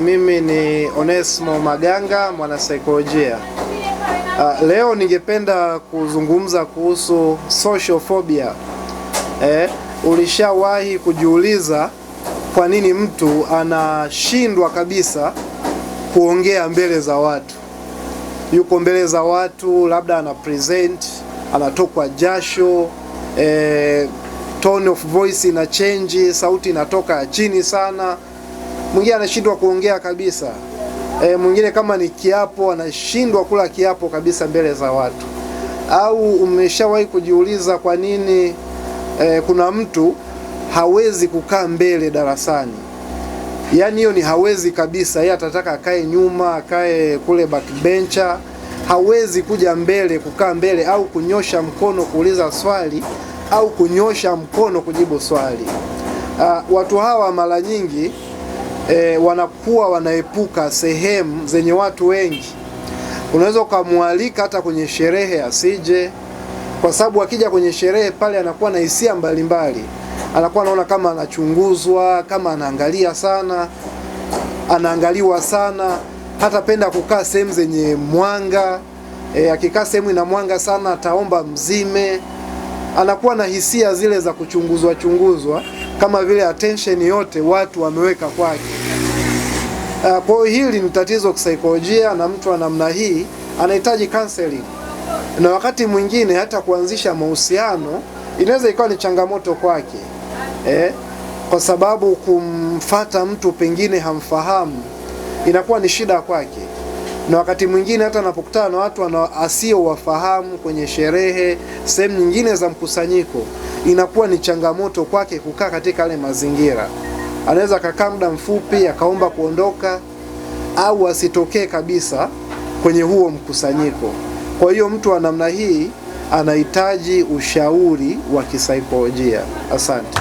mimi ni Onesmo Maganga, mwanasaikolojia. Uh, leo ningependa kuzungumza kuhusu social phobia. Eh, ulishawahi kujiuliza kwa nini mtu anashindwa kabisa kuongea mbele za watu? Yuko mbele za watu, labda ana present, anatokwa jasho, eh, tone of voice ina change, sauti inatoka chini sana mwingine anashindwa kuongea kabisa e, mwingine kama ni kiapo anashindwa kula kiapo kabisa mbele za watu. Au umeshawahi kujiuliza kwa nini e, kuna mtu hawezi kukaa mbele darasani? Yaani hiyo ni hawezi kabisa, yeye atataka akae nyuma, akae kule backbencher, hawezi kuja mbele, kukaa mbele au kunyosha mkono kuuliza swali au kunyosha mkono kujibu swali. Uh, watu hawa mara nyingi e, wanakuwa wanaepuka sehemu zenye watu wengi. Unaweza ukamwalika hata kwenye sherehe asije, kwa sababu akija kwenye sherehe pale anakuwa na hisia mbalimbali, anakuwa anaona kama anachunguzwa, kama anaangalia sana, anaangaliwa sana. Hata penda kukaa sehemu zenye mwanga e, akikaa sehemu ina mwanga sana ataomba mzime, anakuwa na hisia zile za kuchunguzwa chunguzwa kama vile attention yote watu wameweka kwake. Uh, kwa hiyo hili ni tatizo kisaikolojia, na mtu wa namna hii anahitaji counseling, na wakati mwingine hata kuanzisha mahusiano inaweza ikawa ni changamoto kwake eh, kwa sababu kumfata mtu pengine hamfahamu inakuwa ni shida kwake na wakati mwingine hata anapokutana na watu asiowafahamu kwenye sherehe, sehemu nyingine za mkusanyiko, inakuwa ni changamoto kwake kukaa katika yale mazingira. Anaweza akakaa muda mfupi akaomba kuondoka au asitokee kabisa kwenye huo mkusanyiko. Kwa hiyo mtu wa namna hii anahitaji ushauri wa kisaikolojia. Asante.